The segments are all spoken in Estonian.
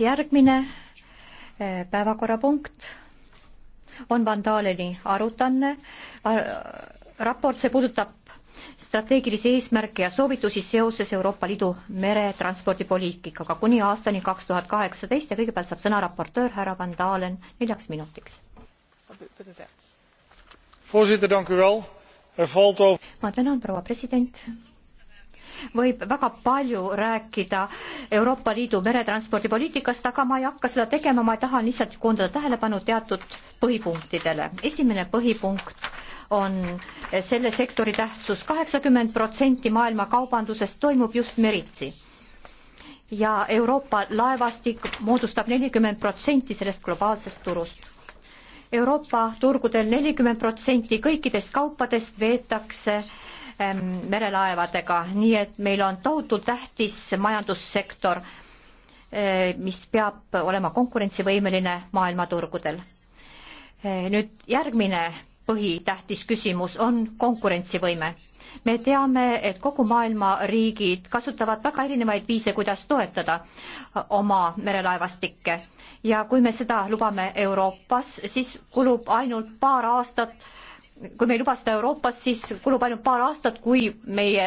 siis järgmine eh, päevakorrapunkt on Vandaaleni arutanne ar. raport, see puudutab strateegilisi eesmärke ja soovitusi seoses Euroopa Liidu meretranspordipoliitikaga kuni aastani kaks tuhat kaheksateist ja kõigepealt saab sõna raportöör härra Vandaalen neljaks minutiks. Er ma tänan, proua president võib väga palju rääkida Euroopa Liidu meretranspordipoliitikast, aga ma ei hakka seda tegema, ma tahan lihtsalt koondada tähelepanu teatud põhipunktidele. esimene põhipunkt on selle sektori tähtsus. kaheksakümmend protsenti maailma kaubandusest toimub just meritsi. ja Euroopa laevastik moodustab nelikümmend protsenti sellest globaalsest turust Euroopa turgudel nelikümmend protsenti kõikidest kaupadest veetakse merelaevadega, nii et meil on tohutult tähtis majandussektor, eh, mis peab olema konkurentsivõimeline maailmaturgudel. Eh, nüüd järgmine põhitähtis küsimus on konkurentsivõime. me teame, et kogu maailma riigid kasutavad väga erinevaid viise, kuidas toetada oma merelaevastikke ja kui me seda lubame Euroopas, siis kulub ainult paar aastat kui me ei luba seda Euroopas, siis kulub ainult paar aastat, kui meie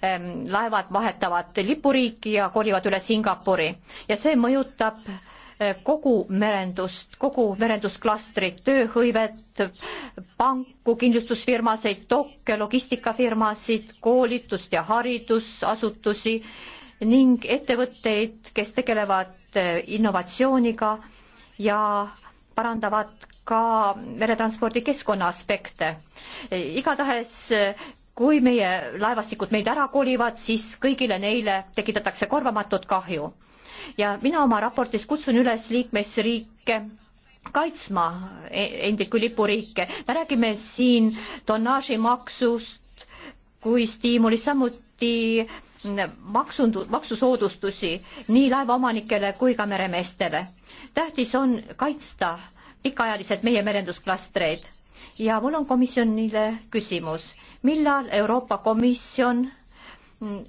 ähm, laevad vahetavad lipuriiki ja kolivad üle Singapuri ja see mõjutab äh, kogu merendust, kogu merendusklastrit, tööhõivet, panku, kindlustusfirmasid, dokke, logistikafirmasid, koolitust ja haridusasutusi ning ettevõtteid, kes tegelevad äh, innovatsiooniga ja parandavad ka meretranspordi keskkonna aspekte. igatahes kui meie laevastikud meid ära kolivad, siis kõigile neile tekitatakse korvamatut kahju. ja mina oma raportis kutsun üles liikmesriike kaitsma e-, endid kui lipuriike. me räägime siin tonnaažimaksust kui stiimulist, samuti maksundu-, maksusoodustusi nii laevaomanikele kui ka meremeestele. tähtis on kaitsta äh, pikaajaliselt meie merendusklastreid ja mul on komisjonile küsimus, millal Euroopa Komisjon mm,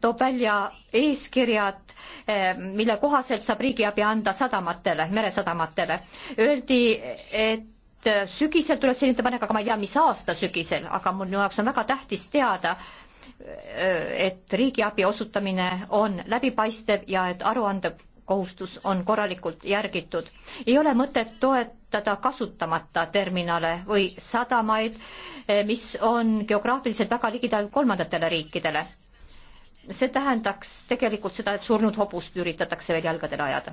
toob välja eeskirjad, eh, mille kohaselt saab riigiabi anda sadamatele, meresadamatele. Öeldi, et eh, sügisel tuleb selline ettepanek, aga ma ei tea, mis aasta sügisel, aga mul jaoks on väga tähtis teada, eh, et riigiabi osutamine on läbipaistev ja et aruande kohustus on korralikult järgitud. ei ole mõtet toetada kasutamata terminale või sadamaid, eh, mis on geograafiliselt väga ligidal kolmandatele riikidele. see tähendaks tegelikult seda, et surnud hobust üritatakse veel jalgadele ajada.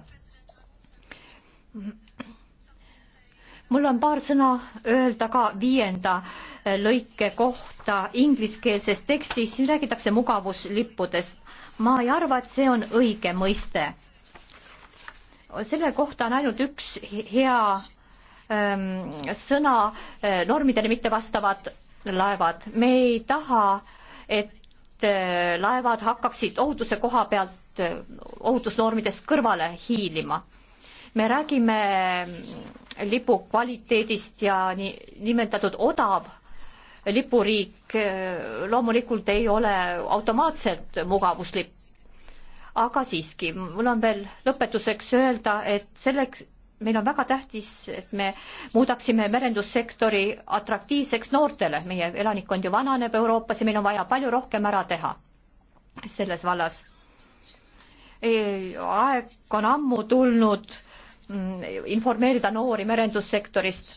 mul on paar sõna öelda ka viienda eh, lõike kohta ingliskeelses tekstis, siin räägitakse mugavuslippudest. ma ei arva, et see on õige mõiste selle kohta on ainult üks hea ähm, sõna äh,, normidele mittevastavad laevad. me ei taha, et äh, laevad hakkaksid ohutuse koha pealt äh, ohutusnormidest kõrvale hiilima. me räägime mm, lipu kvaliteedist ja nii nimetatud odav lipuriik äh, loomulikult ei ole automaatselt mugavuslipp, aga siiski, mul on veel lõpetuseks öelda, et selleks, meil on väga tähtis, et me muudaksime merendussektori atraktiivseks noortele, meie elanikkond ju vananeb Euroopas ja meil on vaja palju rohkem ära teha selles vallas. E, aeg on ammu tulnud mm, informeerida noori merendussektorist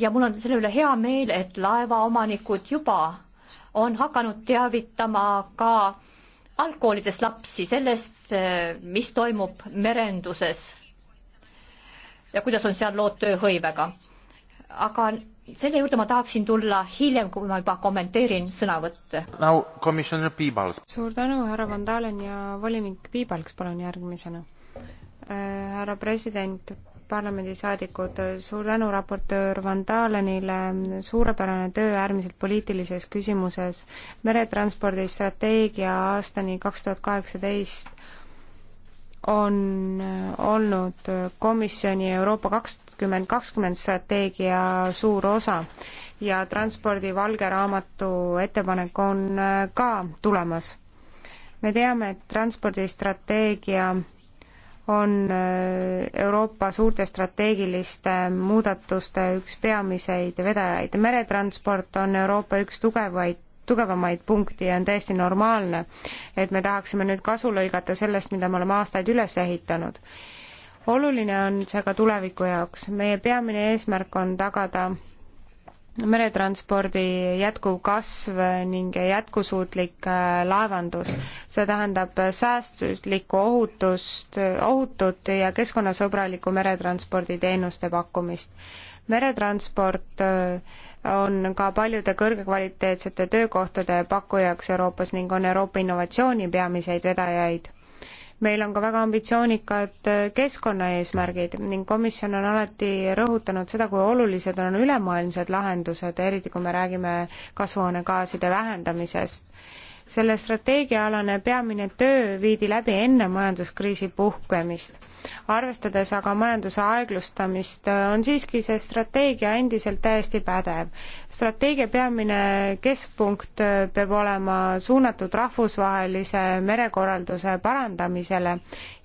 ja mul on selle üle hea meel, et laevaomanikud juba on hakanud teavitama ka algkoolides lapsi sellest, eh, mis toimub merenduses ja kuidas on seal lood tööhõivega. aga selle juurde ma tahaksin tulla hiljem, kui ma juba kommenteerin sõnavõtte. suur tänu, härra Van Dalen ja volinik Piibalks, palun järgmisena. Eh, härra president, parlamendisaadikud, suur tänu raportöör Van Dalenile, suurepärane töö äärmiselt poliitilises küsimuses. meretranspordi strateegia aastani kaks tuhat kaheksateist on olnud komisjoni Euroopa kakskümmend kakskümmend strateegia suur osa ja transpordi valge raamatu ettepanek on ka tulemas. me teame, et transpordistrateegia on äh, Euroopa suurte strateegiliste muudatuste üks peamiseid vedajaid. meretransport on Euroopa üks tugevaid tugevamaid punkti ja on täiesti normaalne, et me tahaksime nüüd kasu lõigata sellest, mida me oleme aastaid üles ehitanud. oluline on see ka tuleviku jaoks. meie peamine eesmärk on tagada meretranspordi jätkuv kasv ning jätkusuutlik äh, laevandus. see tähendab säästlikku ohutust, ohutut ja keskkonnasõbralikku meretransporditeenuste pakkumist. meretransport äh, on ka paljude kõrgekvaliteetsete töökohtade pakkujaks Euroopas ning on Euroopa innovatsiooni peamiseid vedajaid meil on ka väga ambitsioonikad äh, keskkonnaeesmärgid ning komisjon on alati rõhutanud seda, kui olulised on ülemaailmsed lahendused, eriti kui me räägime kasvuhoonegaaside vähendamisest. selle strateegiaalane peamine töö viidi läbi enne majanduskriisi puhkemist arvestades aga majanduse aeglustamist, on siiski see strateegia endiselt täiesti pädev. strateegia peamine keskpunkt peab olema suunatud rahvusvahelise merekorralduse parandamisele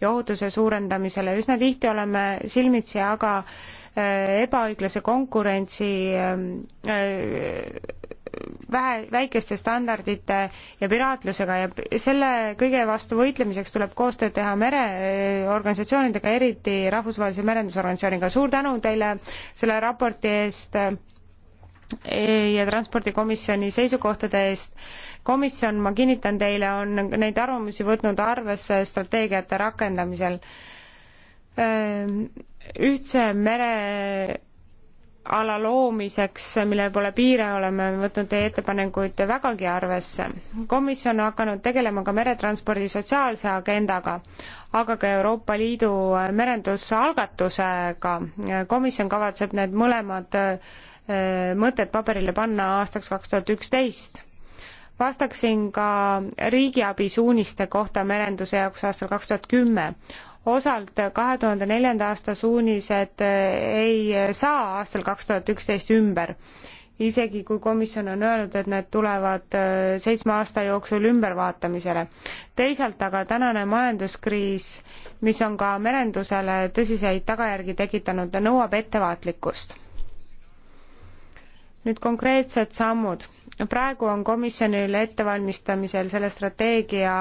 ja ohutuse suurendamisele, üsna tihti oleme silmitsi aga äh, ebaõiglase konkurentsi äh, vähe, väikeste standardite ja piraatlusega ja selle kõige vastu võitlemiseks tuleb koostööd teha mereorganisatsioonidega, eriti Rahvusvahelise Merendusorganisatsiooniga. suur tänu teile selle raporti eest ja transpordikomisjoni seisukohtade eest. komisjon, ma kinnitan teile, on neid arvamusi võtnud arvesse strateegiate rakendamisel. ühtse mere ala loomiseks, millel pole piire, oleme võtnud teie ettepanekuid vägagi arvesse. komisjon on hakanud tegelema ka meretranspordi sotsiaalse agendaga, aga ka Euroopa Liidu merendusalgatusega. komisjon kavatseb need mõlemad eh, mõtted paberile panna aastaks kaks tuhat üksteist. vastaksin ka riigiabi suuniste kohta merenduse jaoks aastal kaks tuhat kümme osalt kahe tuhande neljanda aasta suunised eh, ei saa aastal kaks tuhat üksteist ümber. isegi kui komisjon on öelnud, et need tulevad eh, seitsme aasta jooksul ümbervaatamisele. teisalt aga tänane majanduskriis, mis on ka merendusele tõsiseid tagajärgi tekitanud, nõuab ettevaatlikkust nüüd konkreetsed sammud. praegu on komisjonil ettevalmistamisel selle strateegia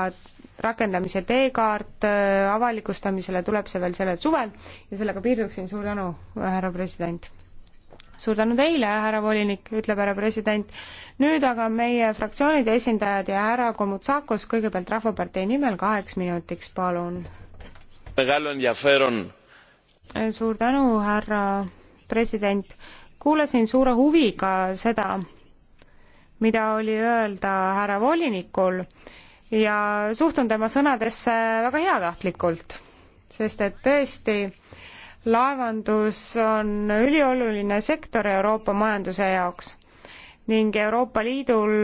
rakendamise teekaart, äh, avalikustamisele tuleb see veel sellel suvel ja sellega piirduksin, suur tänu, härra president! suur tänu teile, härra volinik, ütleb härra president. nüüd aga meie fraktsioonide esindajad ja härra Komutsakos kõigepealt Rahvapartei nimel kaheks minutiks, palun. Äh, suur tänu, härra president. kuulasin suure huviga seda, mida oli öelda härra volinikul ja suhtun tema sõnadesse väga heatahtlikult, sest et tõesti, laevandus on ülioluline sektor Euroopa majanduse jaoks ning Euroopa Liidul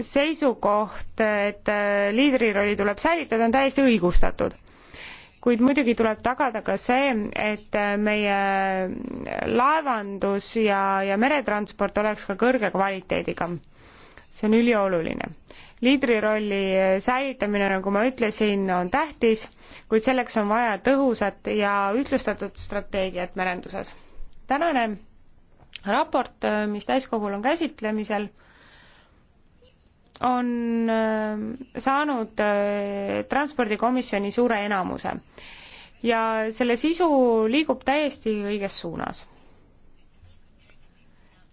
seisukoht, et äh, liidrirolli tuleb säilitada, on täiesti õigustatud kuid muidugi tuleb tagada ka see, et äh, meie laevandus ja, ja meretransport oleks ka kõrge kvaliteediga. see on ülioluline liidrirolli säilitamine, nagu ma ütlesin, on tähtis, kuid selleks on vaja tõhusat ja ühtlustatud strateegiat merenduses. tänane raport, mis täiskogul on käsitlemisel, on äh, saanud äh, Transpordikomisjoni suure enamuse ja selle sisu liigub täiesti õiges suunas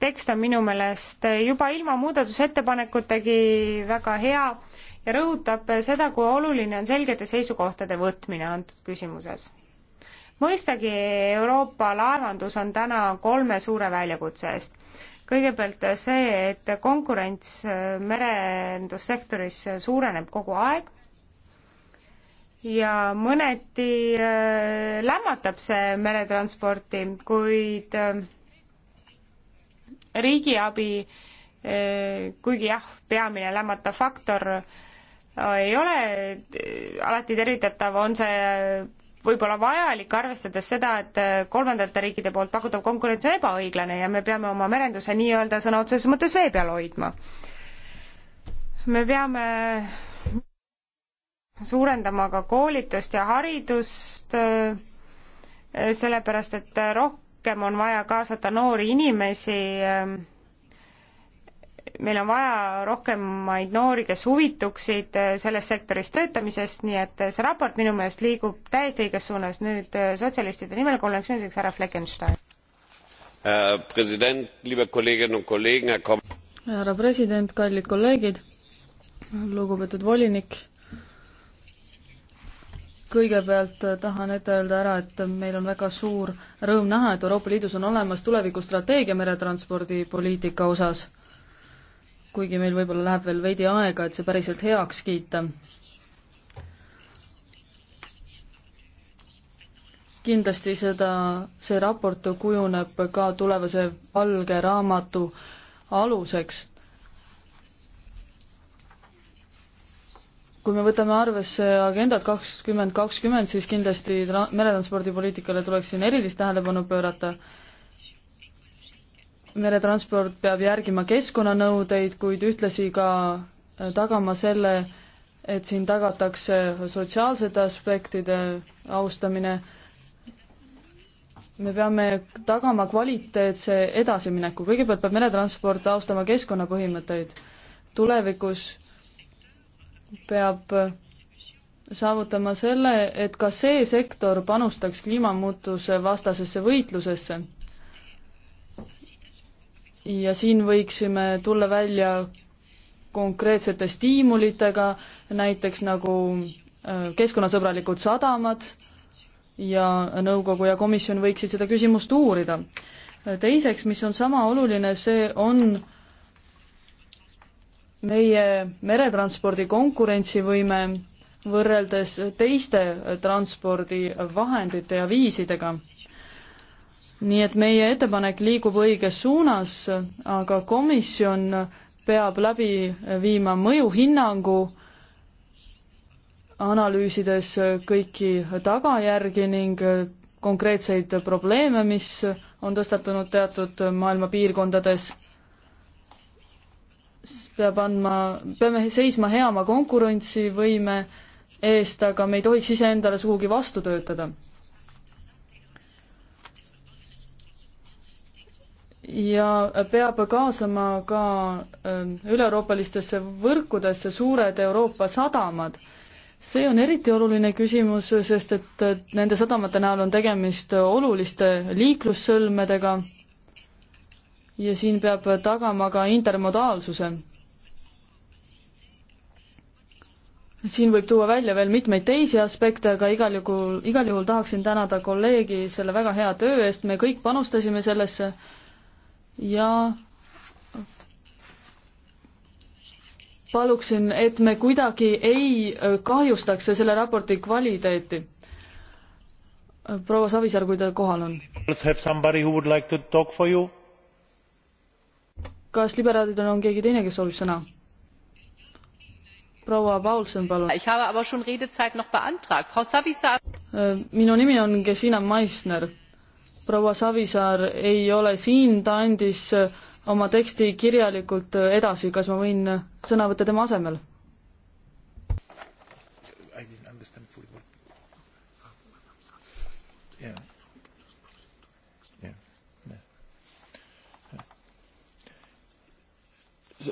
tekst on minu meelest juba ilma muudatusettepanekutegi väga hea ja rõhutab seda, kui oluline on selgete seisukohtade võtmine antud küsimuses. mõistagi Euroopa laevandus on täna kolme suure väljakutse eest. kõigepealt see, et konkurents merendussektoris suureneb kogu aeg ja mõneti äh, lämmatab see meretransporti, kuid äh, riigiabi, eh, kuigi jah, peamine lämmatav faktor eh, ei ole eh, alati tervitatav, on see võib-olla vajalik, arvestades seda, et kolmandate riikide poolt pakutav konkurents on ebaõiglane ja me peame oma merenduse nii-öelda sõna otseses mõttes vee peal hoidma. me peame suurendama ka koolitust ja haridust, sellepärast et roh-, rohkem on vaja kaasata noori inimesi, ehm, meil on vaja rohkemaid noori, kes huvituksid ehm, selles sektoris töötamisest, nii et see raport minu meelest liigub täiesti õiges suunas. nüüd ehm, sotsialistide nimel kolmeks minutiks härra Fleckenstein. Äh, president, härra president, kallid kolleegid, lugupeetud volinik kõigepealt äh, tahan ette öelda ära, et meil on väga suur rõõm näha, et Euroopa Liidus on olemas tulevikustrateegia meretranspordi poliitika osas. kuigi meil võib-olla läheb veel veidi aega, et see päriselt heaks kiita. kindlasti seda, see raport kujuneb ka tulevase valge raamatu aluseks kui me võtame arvesse agendat kakskümmend kakskümmend, siis kindlasti meretranspordipoliitikale tuleks siin erilist tähelepanu pöörata. meretransport peab järgima keskkonnanõudeid, kuid ühtlasi ka äh, tagama selle, et siin tagatakse sotsiaalsete aspektide austamine. me peame tagama kvaliteetse edasimineku, kõigepealt peab meretransport austama keskkonnapõhimõtteid. tulevikus peab saavutama selle, et ka see sektor panustaks kliimamuutuse vastasesse võitlusesse. ja siin võiksime tulla välja konkreetsete stiimulitega, näiteks nagu äh, keskkonnasõbralikud sadamad ja nõukogu ja komisjon võiksid seda küsimust uurida. teiseks, mis on sama oluline, see on meie meretranspordi konkurentsivõime võrreldes teiste transpordivahendite ja viisidega. nii et meie ettepanek liigub õiges suunas, aga komisjon peab läbi viima mõjuhinnangu, analüüsides kõiki tagajärgi ning konkreetseid probleeme, mis on tõstatunud teatud maailma piirkondades peab andma, peame seisma hea oma konkurentsivõime eest, aga me ei tohiks iseendale sugugi vastu töötada. ja peab kaasama ka ähm, üle-euroopalistesse võrkudesse suured Euroopa sadamad. see on eriti oluline küsimus, sest et nende sadamate näol on tegemist oluliste liiklussõlmedega ja siin peab tagama ka intermodaalsuse. siin võib tuua välja veel mitmeid teisi aspekte, aga igal juhul, igal juhul tahaksin tänada kolleegi selle väga hea töö eest, me kõik panustasime sellesse ja paluksin, et me kuidagi ei kahjustaks selle raporti kvaliteeti. proua Savisaar, kui ta kohal on. Like kas liberaalidel on keegi teine, kes soovib sõna? proua Paulsen, palun. Äh, minu nimi on Gesina Meissner. proua Savisaar ei ole siin, ta andis äh, oma teksti kirjalikult äh, edasi, kas ma võin sõna võtta tema asemel?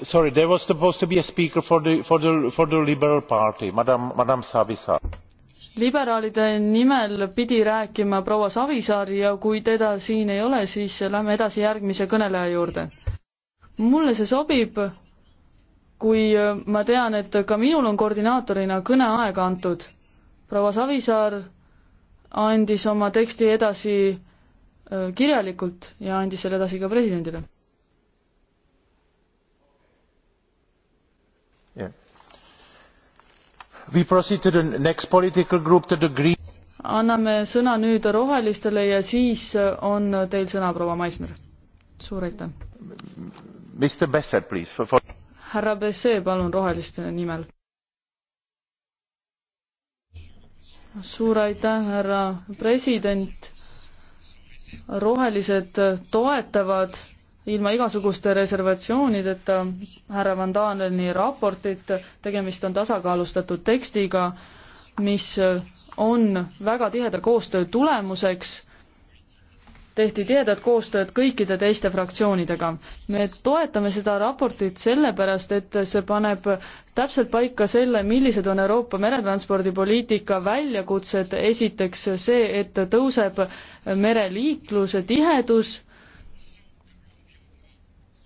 Sorry, there was supposed to be a speaker for the, for the, for the liberal party, madam, madam Savisaar. liberaalide nimel pidi rääkima proua Savisaar ja kui teda siin ei ole, siis lähme edasi järgmise kõneleja juurde. mulle see sobib, kui ma tean, et ka minul on koordinaatorina kõneaeg antud. proua Savisaar andis oma teksti edasi äh, kirjalikult ja andis selle edasi ka presidendile Yeah. We proceed to the next political group to the green. anname sõna nüüd rohelistele ja siis on teil sõna, proua Maismer. suur aitäh. Mr Besser, please for.... härra Besser, palun roheliste nimel. suur aitäh, härra president. rohelised toetavad ilma igasuguste reservatsioonideta härra Van Daneni raportit, tegemist on tasakaalustatud tekstiga, mis on väga tiheda koostöö tulemuseks, tehti tihedat koostööd kõikide teiste fraktsioonidega. me toetame seda raportit sellepärast, et see paneb täpselt paika selle, millised on Euroopa meretranspordipoliitika väljakutsed, esiteks see, et tõuseb mereliikluse tihedus,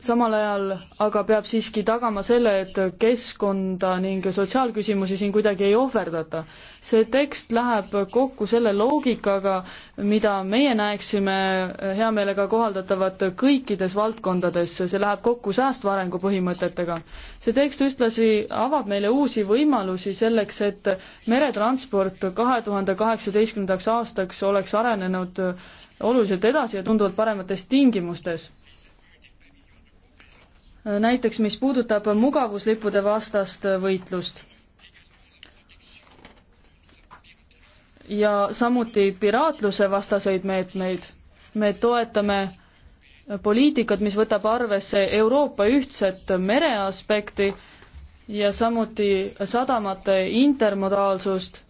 samal ajal aga peab siiski tagama selle, et keskkonda ning sotsiaalküsimusi siin kuidagi ei ohverdata. see tekst läheb kokku selle loogikaga, mida meie näeksime hea meelega kohaldatavat kõikides valdkondades, see läheb kokku säästva arengu põhimõtetega. see tekst ühtlasi avab meile uusi võimalusi selleks, et meretransport kahe tuhande kaheksateistkümnendaks aastaks oleks arenenud oluliselt edasi ja tunduvalt paremates tingimustes näiteks mis puudutab mugavuslippude vastast võitlust. ja samuti piraatluse vastaseid meetmeid. me toetame poliitikat, mis võtab arvesse Euroopa ühtset mere aspekti ja samuti sadamate intermodaalsust.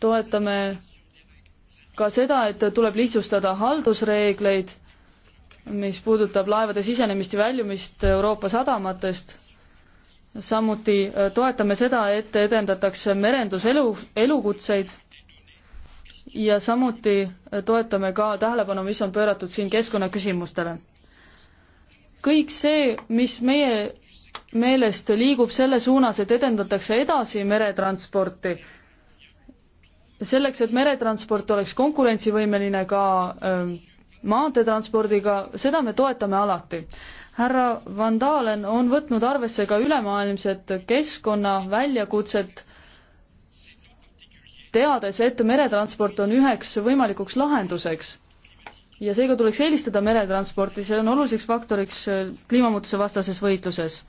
toetame ka seda, et tuleb lihtsustada haldusreegleid mis puudutab laevade sisenemist ja väljumist Euroopa sadamatest. samuti äh, toetame seda, et edendatakse merenduselu, elukutseid ja samuti äh, toetame ka tähelepanu, mis on pööratud siin keskkonnaküsimustele. kõik see, mis meie meelest liigub selle suunas, et edendatakse edasi meretransporti, selleks, et meretransport oleks konkurentsivõimeline ka öö, ähm, maanteetranspordiga, seda me toetame alati. härra Van Dalen on võtnud arvesse ka ülemaailmset keskkonna väljakutset, teades, et meretransport on üheks võimalikuks lahenduseks ja seega tuleks eelistada meretransporti, see on oluliseks faktoriks kliimamuutuse vastases võitluses.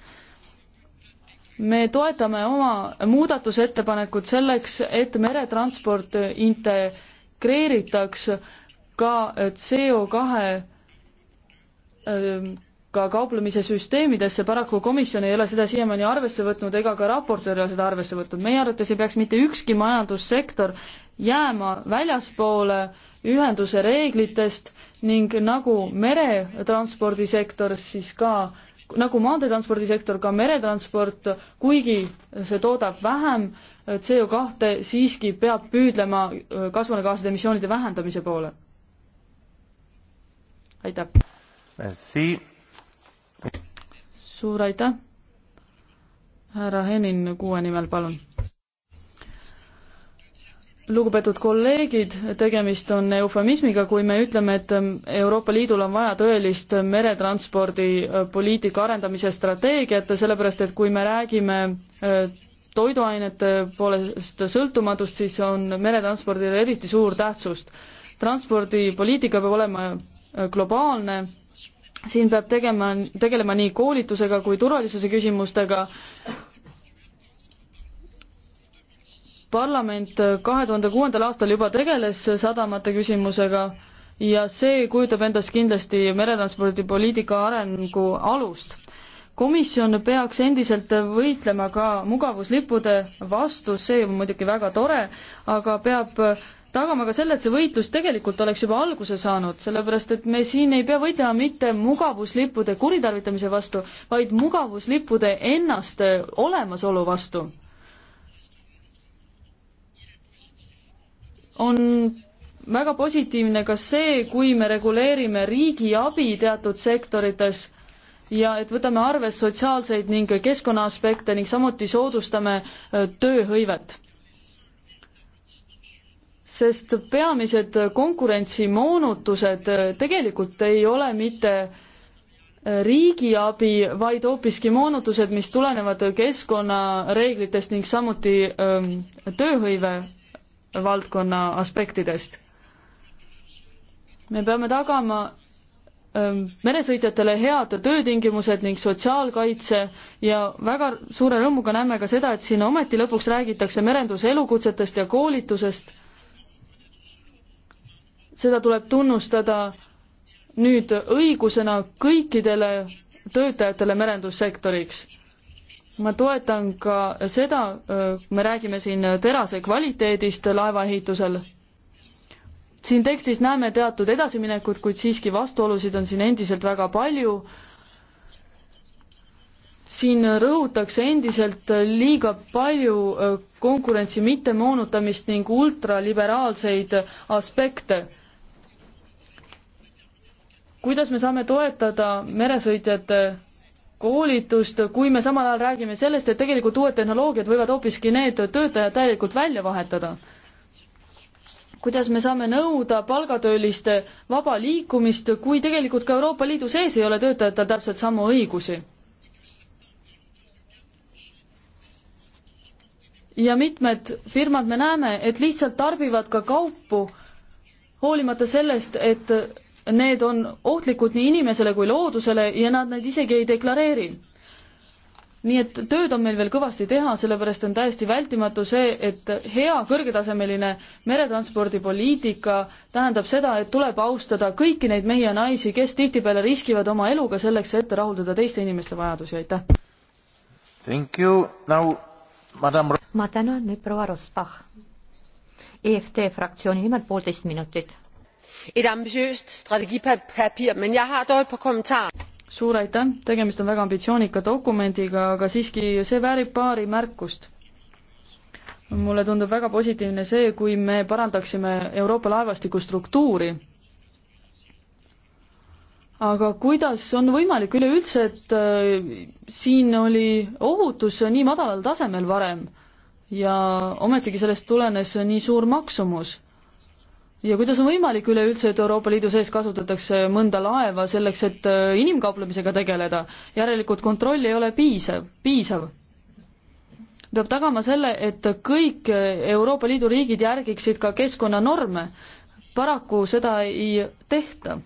me toetame oma muudatusettepanekut selleks, et meretransport integreeritaks ka CO kahe ähm, ka kauplemise süsteemidesse, paraku komisjon ei ole seda siiamaani arvesse võtnud ega ka raportöör ei ole seda arvesse võtnud. meie arvates ei peaks mitte ükski majandussektor jääma väljaspoole ühenduse reeglitest ning nagu meretranspordisektor, siis ka nagu maanteetranspordisektor, ka meretransport, kuigi see toodab vähem CO2, siiski peab püüdlema kasvuhoonegaaside emissioonide vähendamise poole aitäh! suur aitäh! härra Henin kuue nimel, palun! lugupeetud kolleegid, tegemist on eufemismiga, kui me ütleme, et Euroopa Liidul on vaja tõelist meretranspordipoliitika arendamise strateegiat, sellepärast et kui me räägime äh, toiduainete poolest sõltumatust, siis on meretranspordil eriti suur tähtsust. transpordipoliitika peab olema globaalne, siin peab tegema, tegelema nii koolitusega kui turvalisuse küsimustega. parlament kahe tuhande kuuendal aastal juba tegeles sadamate küsimusega ja see kujutab endast kindlasti meretranspordipoliitika arengu alust komisjon peaks endiselt võitlema ka mugavuslippude vastu, see on muidugi väga tore, aga peab tagama ka selle, et see võitlus tegelikult oleks juba alguse saanud, sellepärast et me siin ei pea võitlema mitte mugavuslippude kuritarvitamise vastu, vaid mugavuslippude ennast äh, olemasolu vastu. on väga positiivne ka see, kui me reguleerime riigiabi teatud sektorites ja et võtame arvesse sotsiaalseid ning keskkonnaaspekte ning samuti soodustame äh, tööhõivet sest peamised konkurentsimoonutused äh, tegelikult ei ole mitte äh, riigiabi, vaid hoopiski moonutused, mis tulenevad keskkonnareeglitest ning samuti ähm, tööhõive valdkonna aspektidest. me peame tagama ähm, meresõitjatele head töötingimused ning sotsiaalkaitse ja väga suure rõõmuga näeme ka seda, et siin ometi lõpuks räägitakse merenduse elukutsetest ja koolitusest seda tuleb tunnustada nüüd õigusena kõikidele töötajatele merendussektoriks. ma toetan ka seda, äh, me räägime siin terase kvaliteedist laevaehitusel. siin tekstis näeme teatud edasiminekut, kuid siiski vastuolusid on siin endiselt väga palju. siin rõhutakse endiselt liiga palju äh, konkurentsi mittemoonutamist ning ultraliberaalseid aspekte kuidas me saame toetada meresõitjate koolitust, kui me samal ajal räägime sellest, et tegelikult uued tehnoloogiad võivad hoopiski need töötajad täielikult välja vahetada? kuidas me saame nõuda palgatööliste vaba liikumist, kui tegelikult ka Euroopa Liidu sees ei ole töötajatel täpselt samu õigusi? ja mitmed firmad, me näeme, et lihtsalt tarbivad ka kaupu, hoolimata sellest, et need on ohtlikud nii inimesele kui loodusele ja nad neid isegi ei deklareeri. nii et tööd on meil veel kõvasti teha, sellepärast on täiesti vältimatu see, et hea kõrgetasemeline meretranspordipoliitika tähendab seda, et tuleb austada kõiki neid mehi ja naisi, kes tihtipeale riskivad oma eluga selleks, et rahuldada teiste inimeste vajadusi, aitäh! Thank you, now madam ma tänan nüüd proua Rosbach, EFT fraktsiooni nimel poolteist minutit et ambitiøst strategipapir men jeg har dog et par kommentarer suur aitäh, tegemist on väga ambitsioonika dokumendiga, aga siiski see väärib paari märkust. mulle tundub väga positiivne see, kui me parandaksime Euroopa laevastiku struktuuri. aga kuidas on võimalik üleüldse, et äh, siin oli ohutus nii madalal tasemel varem ja ometigi sellest tulenes nii suur maksumus ja kuidas on võimalik üleüldse, et Euroopa Liidu sees kasutatakse mõnda laeva selleks, et äh, inimkauplemisega tegeleda? järelikult kontroll ei ole piisav, piisav. peab tagama selle, et kõik Euroopa Liidu riigid järgiksid ka keskkonnanorme. paraku seda ei tehta.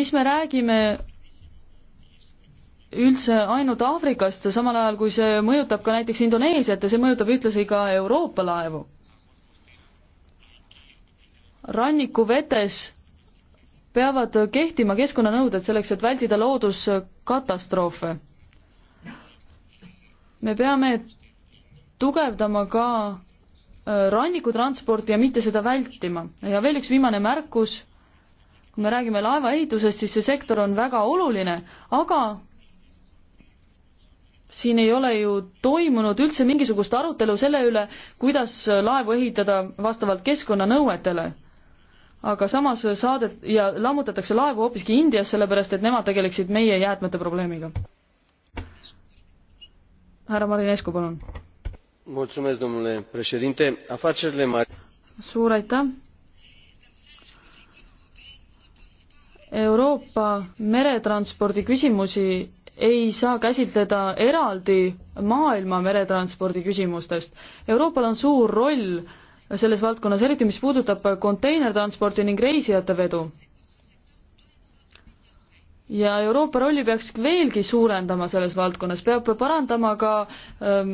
mis me räägime üldse ainult Aafrikast, samal ajal kui see mõjutab ka näiteks Indoneesiat ja see mõjutab ühtlasi ka Euroopa laevu rannikuvetes peavad kehtima keskkonnanõuded selleks, et vältida looduskatastroofe. me peame tugevdama ka äh, rannikutransporti ja mitte seda vältima. ja veel üks viimane märkus, kui me räägime laevaehitusest, siis see sektor on väga oluline, aga siin ei ole ju toimunud üldse mingisugust arutelu selle üle, kuidas laevu ehitada vastavalt keskkonnanõuetele aga samas saadet- ja lammutatakse laevu hoopiski Indias, sellepärast et nemad tegeleksid meie jäätmete probleemiga. härra Marinescu, palun. suur aitäh. Euroopa meretranspordi küsimusi ei saa käsitleda eraldi maailma meretranspordi küsimustest. Euroopal on suur roll äh, selles valdkonnas, eriti mis puudutab konteinertransporti ning reisijate vedu. ja Euroopa rolli peaks veelgi suurendama selles valdkonnas, peab parandama ka ähm,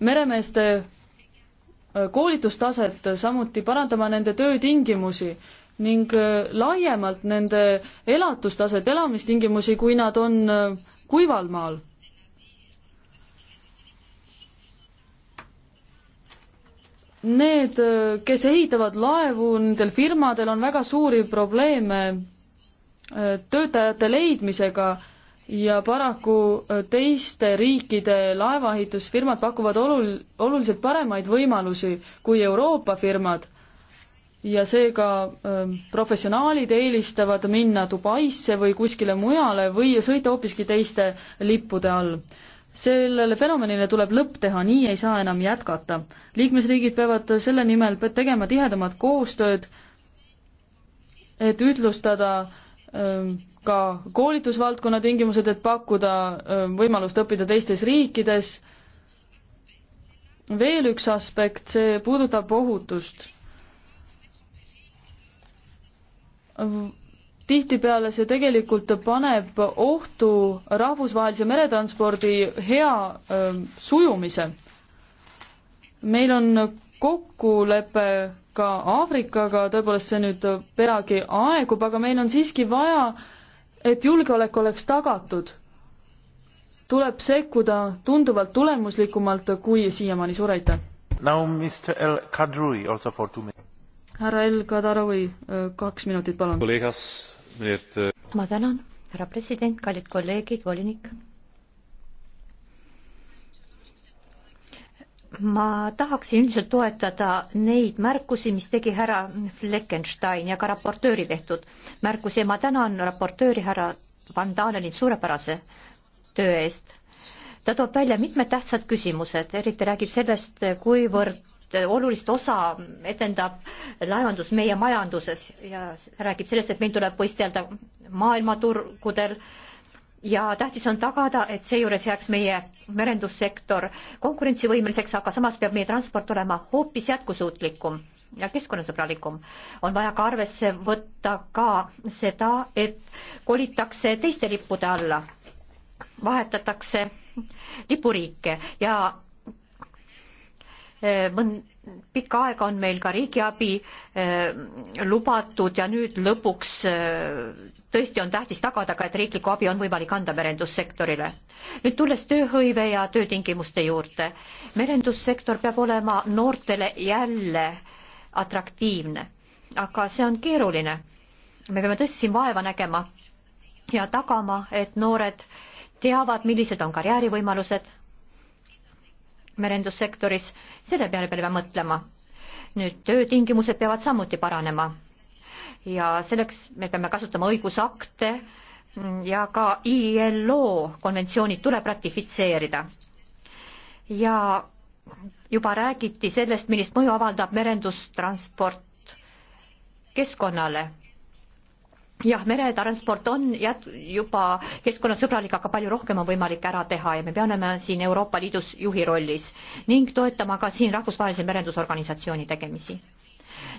meremeeste äh, koolitustaset, samuti parandama nende töötingimusi ning äh, laiemalt nende elatustaset, elamistingimusi, kui nad on äh, kuival maal need, kes ehitavad laevu, nendel firmadel on väga suuri probleeme äh, töötajate leidmisega ja paraku äh, teiste riikide laevaehitusfirmad pakuvad olul-, oluliselt paremaid võimalusi kui Euroopa firmad. ja seega ähm, professionaalid eelistavad minna Dubaisse või kuskile mujale või sõita hoopiski teiste lippude all sellele fenomenile tuleb lõpp teha, nii ei saa enam jätkata. liikmesriigid peavad selle nimel tegema tihedamat koostööd, et ühtlustada ähm, ka koolitusvaldkonna tingimused, et pakkuda ähm, võimalust õppida teistes riikides. veel üks aspekt, see puudutab ohutust tihtipeale see tegelikult paneb ohtu rahvusvahelise meretranspordi hea öö, sujumise. meil on kokkulepe ka Aafrikaga, tõepoolest see nüüd peagi aegub, aga meil on siiski vaja, et julgeolek oleks tagatud. tuleb sekkuda tunduvalt tulemuslikumalt, kui siiamaani, suur aitäh! Now Mr El Kadri also for two minutes härra El Kadarovi, äh, kaks minutit, palun. Äh, ma tänan, härra president, kallid kolleegid, volinik. ma tahaksin üldiselt toetada neid märkusi, mis tegi härra Fleckenstein ja ka raportööri tehtud märkusi ja ma tänan raportööri härra Van Dalenit suurepärase töö eest. ta toob välja mitmed tähtsad küsimused, eriti räägib sellest, kuivõrd olulist osa etendab laevandus meie majanduses ja räägib sellest, et meil tuleb võistelda maailmaturgudel ja tähtis on tagada, et seejuures jääks meie merendussektor konkurentsivõimeliseks, aga samas peab meie transport olema hoopis jätkusuutlikum ja keskkonnasõbralikum. on vaja ka arvesse võtta ka seda, et kolitakse teiste lippude alla, vahetatakse lipuriike ja Eh, mõn-, pikka aega on meil ka riigiabi eh, lubatud ja nüüd lõpuks eh, tõesti on tähtis tagada ka, et riiklikku abi on võimalik anda merendussektorile. nüüd tulles tööhõive ja töötingimuste juurde, merendussektor peab olema noortele jälle atraktiivne, aga see on keeruline. me peame tõesti siin vaeva nägema ja tagama, et noored teavad, millised on karjäärivõimalused merendussektoris, selle peale peame mõtlema. nüüd töötingimused peavad samuti paranema ja selleks me peame kasutama õigusakte ja ka ILO konventsioonid tuleb ratifitseerida. ja juba räägiti sellest, millist mõju avaldab merendustransport keskkonnale jah, meretransport on jät-, juba keskkonnasõbralik, aga palju rohkem on võimalik ära teha ja me peame siin Euroopa Liidus juhi rollis ning toetama ka siin rahvusvahelise merendusorganisatsiooni tegemisi.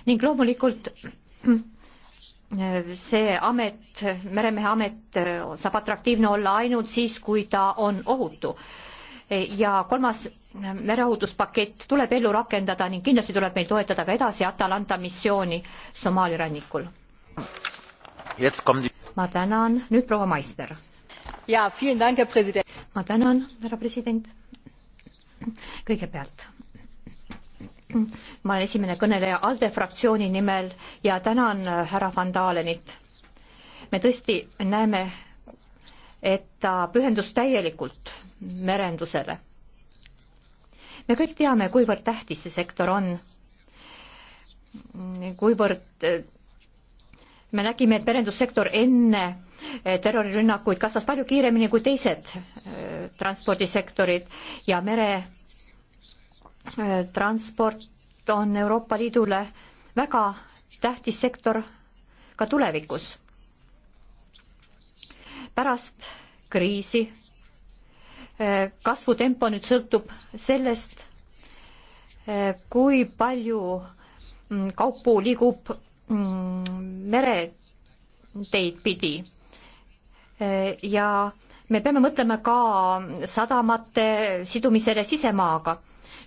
ning loomulikult see amet, meremehe amet äh, saab atraktiivne olla ainult siis, kui ta on ohutu ja kolmas äh, mereohutuspakett tuleb ellu rakendada ning kindlasti tuleb meil toetada ka edasi Atalanta missiooni Somaalia rannikul ma tänan, nüüd proua Maister. ma tänan, härra president. kõigepealt ma olen esimene kõneleja ALDE fraktsiooni nimel ja tänan härra Van Dalenit. me tõesti näeme, et ta pühendus täielikult merendusele. me kõik teame, kuivõrd tähtis see sektor on, kuivõrd me nägime, et merendussektor enne eh, terrorirünnakuid kasvas palju kiiremini kui teised eh, transpordisektorid ja meretransport eh, on Euroopa Liidule väga tähtis sektor ka tulevikus. pärast kriisi kasvutempo nüüd sõltub sellest, kui palju mm, kaupu liigub Mm, mereteid pidi. Äh, ja me peame mõtlema ka sadamate sidumisele sisemaaga.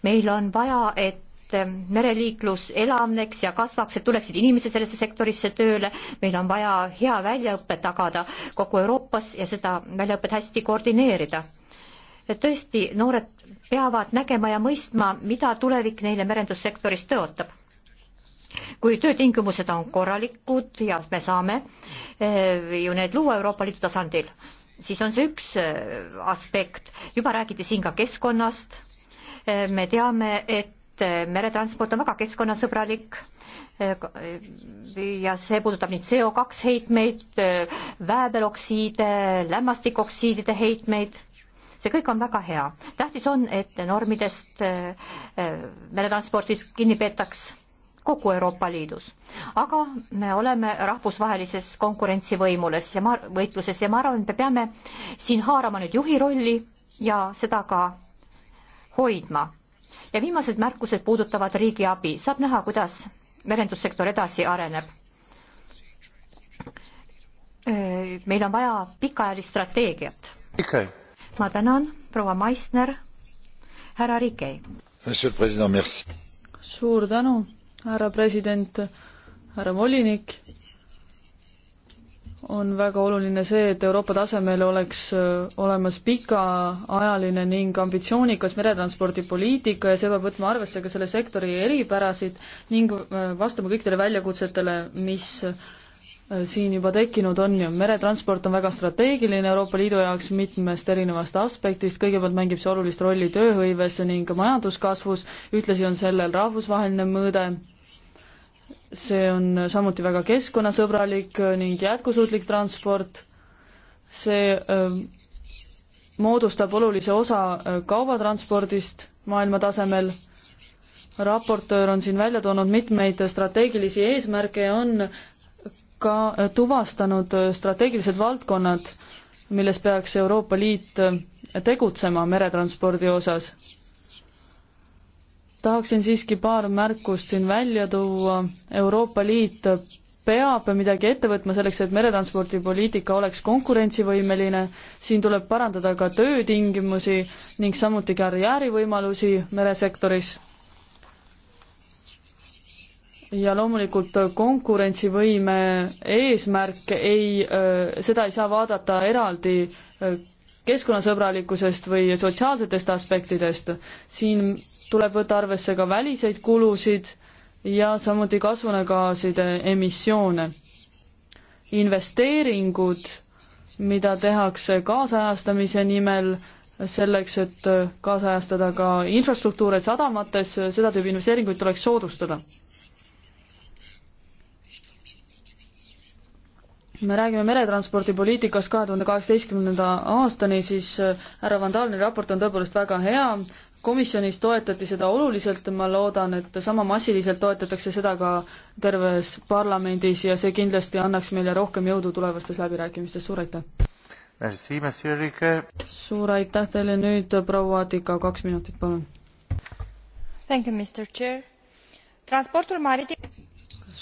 meil on vaja, et äh, mereliiklus elavneks ja kasvaks, et tuleksid inimesed sellesse sektorisse tööle, meil on vaja hea väljaõpe tagada kogu Euroopas ja seda väljaõpet hästi koordineerida. tõesti, noored peavad nägema ja mõistma, mida tulevik neile merendussektoris tõotab kui töötingimused on korralikud ja me saame eh, ju need luua Euroopa Liidu tasandil, siis on see üks eh, aspekt. juba räägiti siin ka keskkonnast. Eh, me teame, et meretransport on väga keskkonnasõbralik ja see puudutab nii CO2 heitmeid, vääveloksiide, lämmastikoksiidide heitmeid. see kõik on väga hea. tähtis on, et normidest meretranspordis kinni peetaks kogu Euroopa Liidus. aga me oleme rahvusvahelises konkurentsivõimules ja ma, võitluses ja ma arvan, et me peame siin haarama nüüd juhi rolli ja seda ka hoidma. ja viimased märkused puudutavad riigiabi, saab näha, kuidas merendussektor edasi areneb meil on vaja pikaajalist strateegiat. ma tänan, proua Meissner, härra Rikei. suur tänu härra president, härra volinik, on väga oluline see, et Euroopa tasemel oleks äh, olemas pikaajaline ning ambitsioonikas meretranspordipoliitika ja see peab võtma arvesse ka selle sektori eripärasid ning äh, vastama kõikidele väljakutsetele, mis äh, siin juba tekkinud on ju, meretransport on väga strateegiline Euroopa Liidu jaoks mitmest erinevast aspektist, kõigepealt mängib see olulist rolli tööhõives ning majanduskasvus, ühtlasi on sellel rahvusvaheline mõõde see on samuti väga keskkonnasõbralik ning jätkusuutlik transport, see ähm, moodustab olulise osa äh, kaubatranspordist maailma tasemel, raportöör on siin välja toonud mitmeid strateegilisi eesmärke ja on ka äh, tuvastanud äh, strateegilised valdkonnad, milles peaks Euroopa Liit tegutsema meretranspordi osas tahaksin siiski paar märkust siin välja tuua. Euroopa Liit peab midagi ette võtma selleks, et meretranspordipoliitika oleks konkurentsivõimeline, siin tuleb parandada ka töötingimusi ning samuti karjäärivõimalusi meresektoris. ja loomulikult konkurentsivõime eesmärk ei, äh, seda ei saa vaadata eraldi äh, keskkonnasõbralikkusest või sotsiaalsetest aspektidest. siin tuleb võtta arvesse ka väliseid kulusid ja samuti kasvuhoonegaaside emissioone. investeeringud, mida tehakse kaasajastamise nimel, selleks, et kaasajastada ka infrastruktuure sadamates, seda tüüpi investeeringuid tuleks soodustada. me räägime meretranspordipoliitikast kahe tuhande kaheksateistkümnenda aastani, siis härra Vandalini raport on tõepoolest väga hea, komisjonis toetati seda oluliselt, ma loodan, et sama massiliselt toetatakse seda ka terves parlamendis ja see kindlasti annaks meile rohkem jõudu tulevastes läbirääkimistes, suur aitäh! suur aitäh teile, nüüd proua Tika, kaks minutit, palun!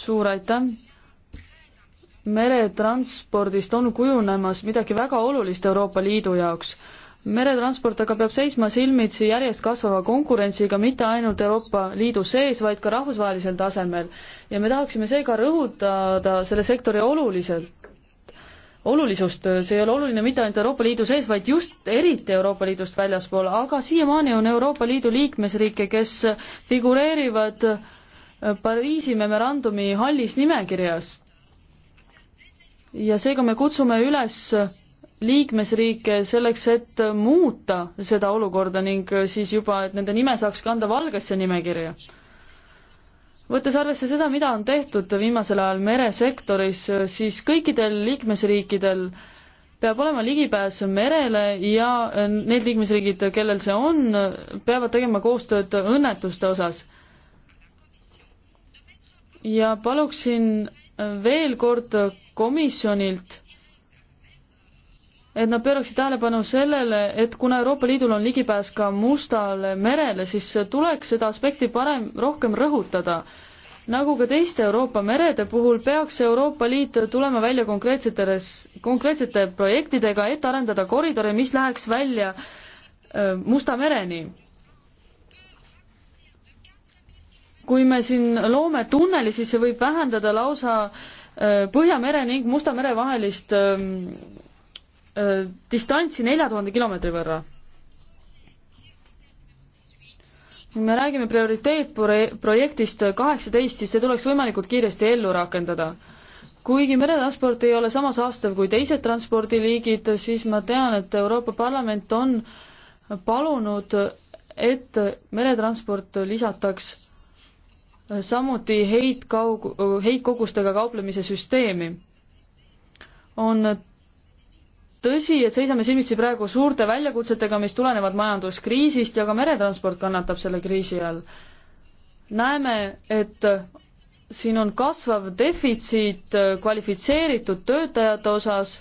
suur aitäh! meretranspordist on kujunemas midagi väga olulist Euroopa Liidu jaoks meretransport aga peab seisma silmitsi järjest kasvava konkurentsiga mitte ainult Euroopa Liidu sees, vaid ka rahvusvahelisel tasemel. ja me tahaksime seega rõhutada selle sektori oluliselt, olulisust, see ei ole oluline mitte ainult Euroopa Liidu sees, vaid just eriti Euroopa Liidust väljaspool, aga siiamaani on Euroopa Liidu liikmesriike, kes figureerivad Pariisi memorandumi hallis nimekirjas. ja seega me kutsume üles liikmesriike selleks, et muuta seda olukorda ning siis juba, et nende nime saaks kanda valgesse nimekirja. võttes arvesse seda, mida on tehtud viimasel ajal meresektoris, siis kõikidel liikmesriikidel peab olema ligipääs merele ja need liikmesriigid, kellel see on, peavad tegema koostööd õnnetuste osas. ja paluksin veel kord komisjonilt et nad pööraksid tähelepanu sellele, et kuna Euroopa Liidul on ligipääs ka Mustale merele, siis tuleks seda aspekti parem, rohkem rõhutada. nagu ka teiste Euroopa merede puhul, peaks Euroopa Liit tulema välja konkreetsete res-, konkreetsete projektidega, et arendada koridore, mis läheks välja Musta mereni kui me siin loome tunneli, siis see võib vähendada lausa Põhjamere ning Musta mere vahelist distantsi nelja tuhande kilomeetri võrra. kui me räägime prioriteetprojektist kaheksateist, siis see tuleks võimalikult kiiresti ellu rakendada. kuigi meretransport ei ole sama saastav kui teised transpordiliigid, siis ma tean, et Euroopa Parlament on palunud, et meretransport lisataks samuti heitkaug-, heitkogustega kauplemise süsteemi. on tõsi, et seisame silmitsi praegu suurte väljakutsetega, mis tulenevad majanduskriisist ja ka meretransport kannatab selle kriisi all. näeme, et siin on kasvav defitsiit kvalifitseeritud töötajate osas.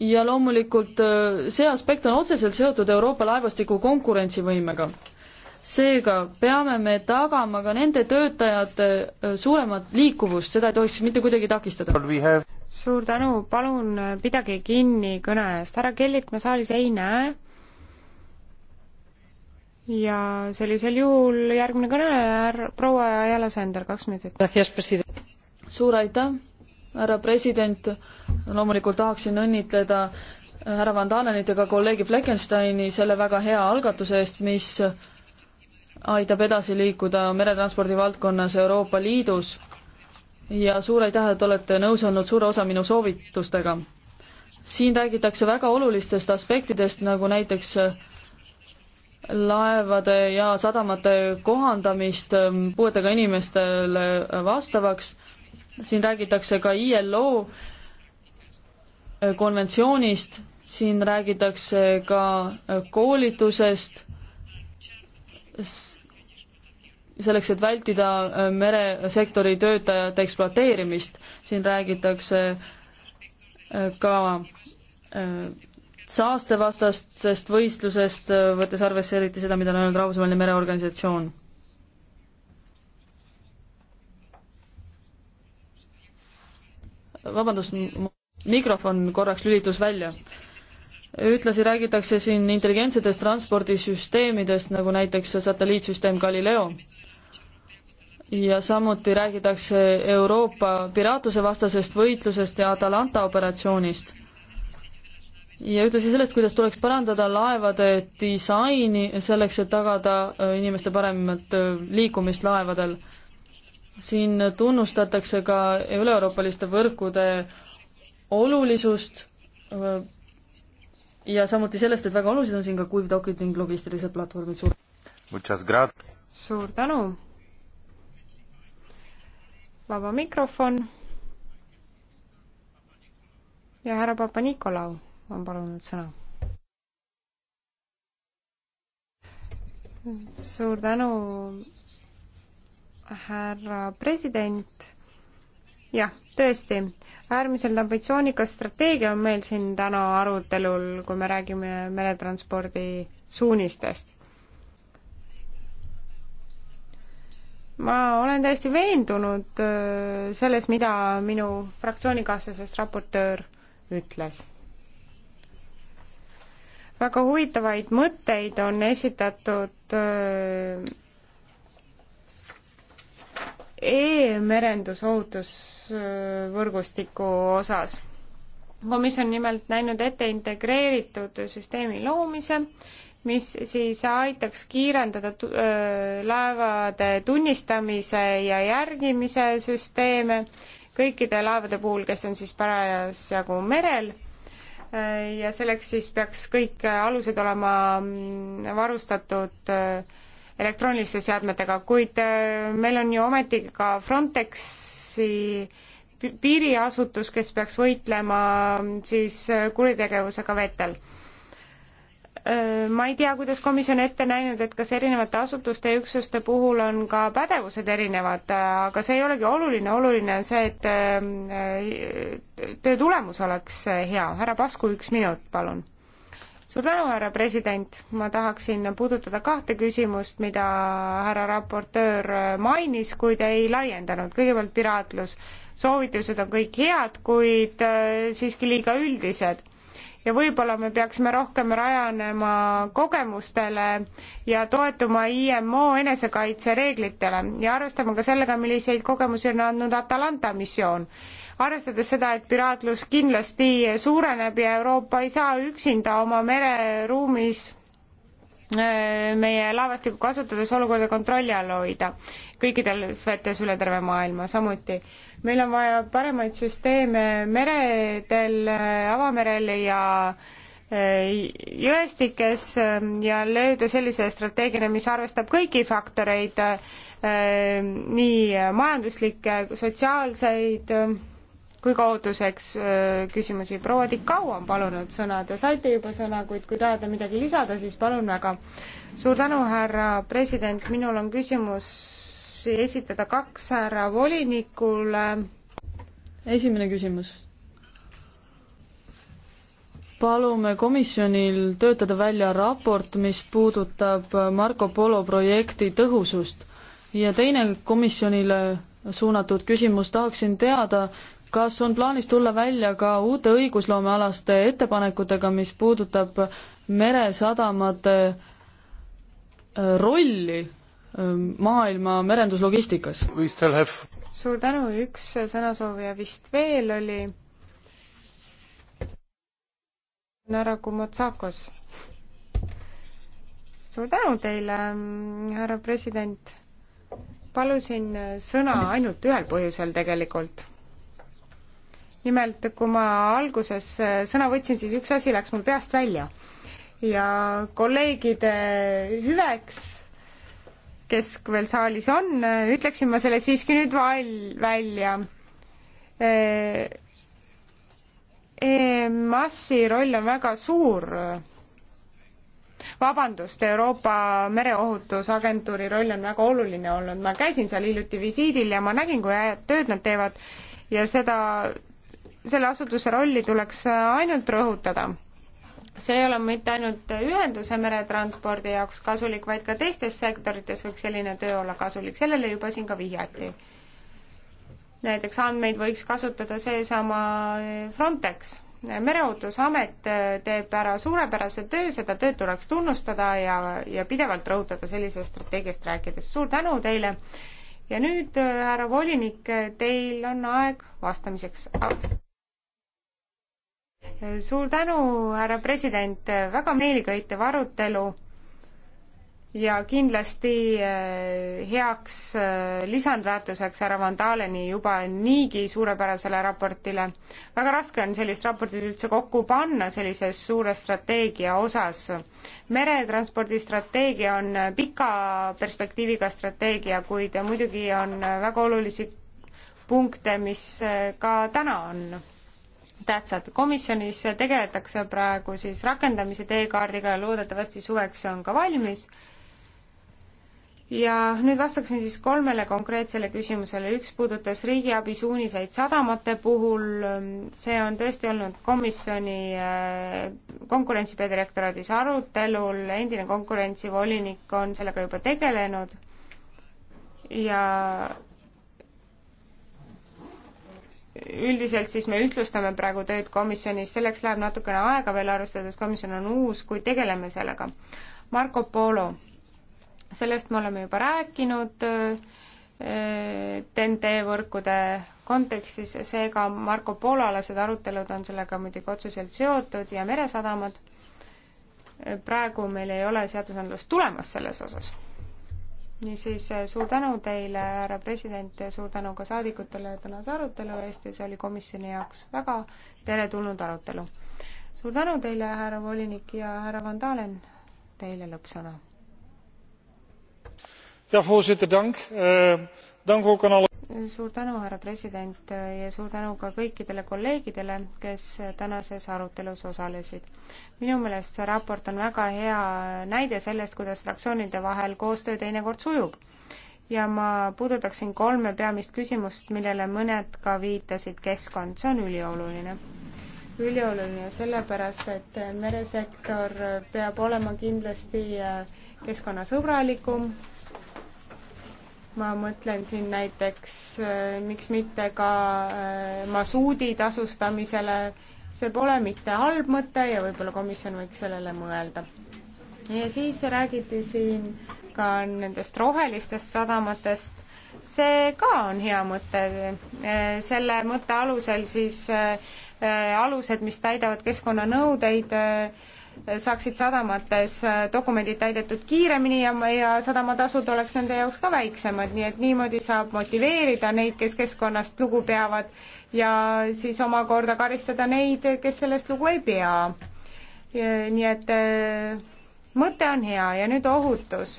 ja loomulikult äh, see aspekt on otseselt seotud Euroopa laevastiku konkurentsivõimega seega peame me tagama ka nende töötajate äh, suuremat liikuvust, seda ei tohiks mitte kuidagi takistada. suur tänu, palun äh, pidage kinni kõne eest, härra Kellit me saalis ei näe. ja sellisel juhul järgmine kõne, proua Jala Sender, kaks minutit. suur aitäh, härra president, loomulikult tahaksin õnnitleda äh, härra Van Danenit ja ka kolleegi Fleckensteini selle väga hea algatuse eest, mis aitab edasi liikuda meretranspordi valdkonnas Euroopa Liidus ja suur aitäh, et olete nõus olnud suure osa minu soovitustega. siin räägitakse väga olulistest aspektidest, nagu näiteks laevade ja sadamate kohandamist puuetega inimestele vastavaks, siin räägitakse ka ILO konventsioonist, siin räägitakse ka koolitusest selleks, et vältida äh, meresektori töötajate ekspluateerimist, siin räägitakse äh, ka äh, saastevastasest võistlusest, võttes arvesse eriti seda, mida on öelnud Rahvusvaheline Mereorganisatsioon. vabandust, mikrofon korraks lülitus välja ühtlasi räägitakse siin intelligentsetest transpordisüsteemidest, nagu näiteks satelliitsüsteem Galileo. ja samuti räägitakse Euroopa piraatusevastasest võitlusest ja Atalanta operatsioonist. ja ühtlasi sellest, kuidas tuleks parandada laevade disaini selleks, et tagada äh, inimeste paremat äh, liikumist laevadel. siin tunnustatakse ka üle-euroopaliste võrkude olulisust äh, ja samuti sellest, et väga olulised on siin ka kuivdokid ning logistilised platvormid, suur suur tänu! vaba mikrofon ja härra Papa-Nikolau on palunud sõna. suur tänu, härra president. jah, tõesti äärmiselt ambitsioonikas strateegia on meil siin täna arutelul, kui me räägime meretranspordi suunistest. ma olen täiesti veendunud äh, selles, mida minu fraktsioonikaaslasest raportöör ütles. väga huvitavaid mõtteid on esitatud äh, e-merendusohutusvõrgustiku osas. komisjon on nimelt näinud ette integreeritud süsteemi loomise, mis siis aitaks kiirendada laevade tunnistamise ja järgimise süsteeme kõikide laevade puhul, kes on siis parasjagu merel ja selleks siis peaks kõik alused olema mm, varustatud äh, elektrooniliste seadmetega, kuid äh, meil on ju ometigi ka Frontexi piiriasutus, kes peaks võitlema mm, siis äh, kuritegevusega vetel. Äh, ma ei tea, kuidas komisjon ette näinud, et kas erinevate asutuste ja üksuste puhul on ka pädevused erinevad, aga see ei olegi oluline, oluline on see, et töö tulemus oleks hea. härra Pasku, üks minut, palun suur tänu, härra president, ma tahaksin puudutada kahte küsimust, mida härra raportöör mainis, kuid ei laiendanud, kõigepealt piraatlus. soovitused on kõik head, kuid äh, siiski liiga üldised ja võib-olla me peaksime rohkem rajanema kogemustele ja toetuma IMO enesekaitsereeglitele ja arvestama ka sellega, milliseid kogemusi on andnud Atalanta missioon arvestades seda, et piraatlus kindlasti suureneb ja Euroopa ei saa üksinda oma mereruumis äh, meie laevastikku kasutades olukorda kontrolli all hoida kõikides vetes üle terve maailma samuti. meil on vaja paremaid süsteeme meredel, äh, avamerel ja äh, jõestikes ja lööda sellise strateegiana, mis arvestab kõiki faktoreid, nii majanduslikke, sotsiaalseid, kui ka ootuseks küsimusi. proua Tikau on palunud sõna, te saite juba sõna, kuid kui tahate midagi lisada, siis palun väga. suur tänu, härra president, minul on küsimus esitada kaks härra volinikule. esimene küsimus. palume komisjonil töötada välja raport, mis puudutab Marco Polo projekti tõhusust ja teine komisjonile suunatud küsimus, tahaksin teada, kas on plaanis tulla välja ka uute õigusloomealaste ettepanekutega, mis puudutab meresadamate äh, rolli ähm, maailma merenduslogistikas? suur tänu, üks sõnasoovija vist veel oli. härra Kumotsakos. suur tänu teile, härra president. palusin sõna ainult ühel põhjusel tegelikult nimelt, kui ma alguses äh, sõna võtsin, siis üks asi läks mul peast välja ja kolleegide hüveks, kes veel saalis on, äh, ütleksin ma selle siiski nüüd val-, välja äh, e. EMAS-i roll on väga suur, vabandust, Euroopa Mereohutusagentuuri roll on väga oluline olnud, ma käisin seal hiljuti visiidil ja ma nägin, kui head tööd nad teevad ja seda selle asutuse rolli tuleks ainult rõhutada. see ei ole mitte ainult ühenduse meretranspordi jaoks kasulik, vaid ka teistes sektorites võiks selline töö olla kasulik, sellele juba siin ka vihjati. näiteks andmeid võiks kasutada seesama Frontex. mereohutusamet teeb ära suurepärase töö, seda tööd tuleks tunnustada ja, ja pidevalt rõhutada sellisest strateegiast rääkides. suur tänu teile ja nüüd, äh, härra volinik, teil on aeg vastamiseks suur tänu, härra president, väga meeliköitev arutelu ja kindlasti eh, heaks eh, lisandväärtuseks härra Van Daleni juba niigi suurepärasele raportile. väga raske on sellist raportit üldse kokku panna sellise suure strateegia osas. meretranspordi strateegia on eh, pika perspektiiviga strateegia, kuid muidugi on väga olulisi punkte, mis ka täna on tähtsad. komisjonis tegeletakse praegu siis rakendamise teekaardiga ja loodetavasti suveks see on ka valmis. ja nüüd vastaksin siis kolmele konkreetsele küsimusele. üks puudutas riigiabi suuniseid sadamate puhul. see on tõesti olnud komisjoni äh, konkurentsi peadirektoraadis arutelul, endine konkurentsivolinik on sellega juba tegelenud ja üldiselt siis me ühtlustame praegu tööd komisjonis, selleks läheb natukene aega veel, arvestades komisjon on uus, kuid tegeleme sellega. Marco Polo, sellest me oleme juba rääkinud TNT äh, võrkude kontekstis, seega Marco Polo alased arutelud on sellega muidugi otseselt seotud ja meresadamad. praegu meil ei ole seadusandlust tulemas selles osas niisiis eh, suur tänu teile, härra president, ja suur tänu ka saadikutele tänase arutelu eest ja see oli komisjoni jaoks väga teretulnud arutelu. suur tänu teile, härra volinik ja härra Van Dalen, teile lõppsõna. ja, voorzitter, tänk uh.... Eh, suur tänu, härra president ja suur tänu ka kõikidele kolleegidele, kes tänases arutelus osalesid. minu meelest see raport on väga hea näide sellest, kuidas fraktsioonide vahel koostöö teinekord sujub. ja ma puudutaksin kolme peamist küsimust, millele mõned ka viitasid, keskkond, see on ülioluline ülioluline sellepärast, et meresektor peab olema kindlasti keskkonnasõbralikum ma mõtlen siin näiteks äh, miks mitte ka äh, masuudi tasustamisele, see pole mitte halb mõte ja võib-olla komisjon võiks sellele mõelda. ja siis räägiti siin ka nendest rohelistest sadamatest, see ka on hea mõte, äh, selle mõtte alusel siis alused, mis täidavad keskkonnanõudeid, saaksid sadamates äh, dokumendid täidetud kiiremini ja, ja sadamatasud oleks nende jaoks ka väiksemad, nii et niimoodi saab motiveerida neid, kes keskkonnast lugu peavad ja siis omakorda karistada neid, kes sellest lugu ei pea. nii et äh, mõte on hea ja nüüd ohutus.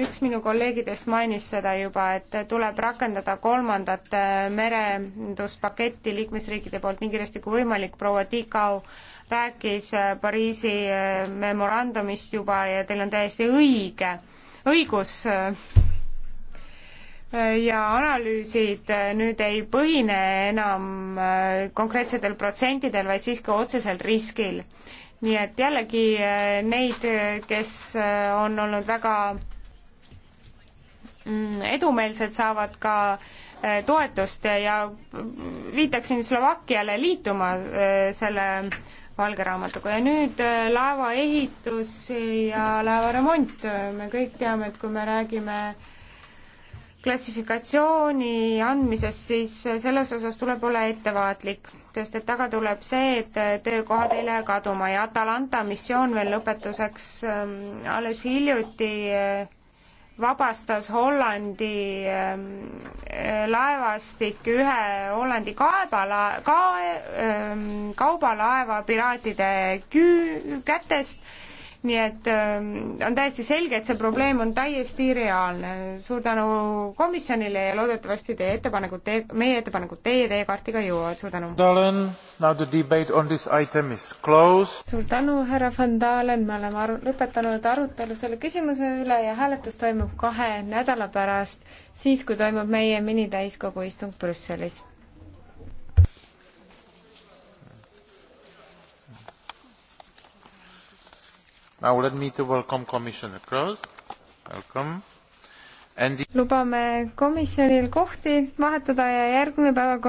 üks minu kolleegidest mainis seda juba, et tuleb rakendada kolmandat äh, merenduspaketti liikmesriikide poolt nii kiiresti kui võimalik, proua Tiikau rääkis äh, Pariisi äh, memorandumist juba ja teil on täiesti õige, õigus äh, ja analüüsid nüüd ei põhine enam konkreetsetel protsentidel, vaid siiski otseselt riskil. nii et jällegi neid, kes on olnud väga mm, edumeelsed, saavad ka toetust ja mm, viitaksin Slovakkiale liituma selle valge raamatuga ja nüüd äh, laeva ehitus ja laeva remont, me kõik teame, et kui me räägime klassifikatsiooni andmisest, siis äh, selles osas tuleb olla ettevaatlik, sest et taga tuleb see, et äh, töökohad ei lähe kaduma ja Atalanta missioon veel lõpetuseks ähm, alles hiljuti vabastas Hollandi ähm, äh, laevastik ühe Hollandi kaebala- ka,, ähm, kaubalaeva piraatide küü-, kätest nii et ähm, on täiesti selge, et see probleem on täiesti reaalne. suur tänu komisjonile ja loodetavasti teie ettepanekud, teie, meie ettepanekud teie teekaardiga jõuavad, suur tänu. suur tänu, härra Van Dalen, me oleme aru, lõpetanud arutelu selle küsimuse üle ja hääletus toimub kahe nädala pärast, siis kui toimub meie minitäiskogu istung Brüsselis Now let me to welcome Commissioner Kroos. Welcome. And the... lubame komisjonil kohti vahetada ja järgmine päevakorrapunkt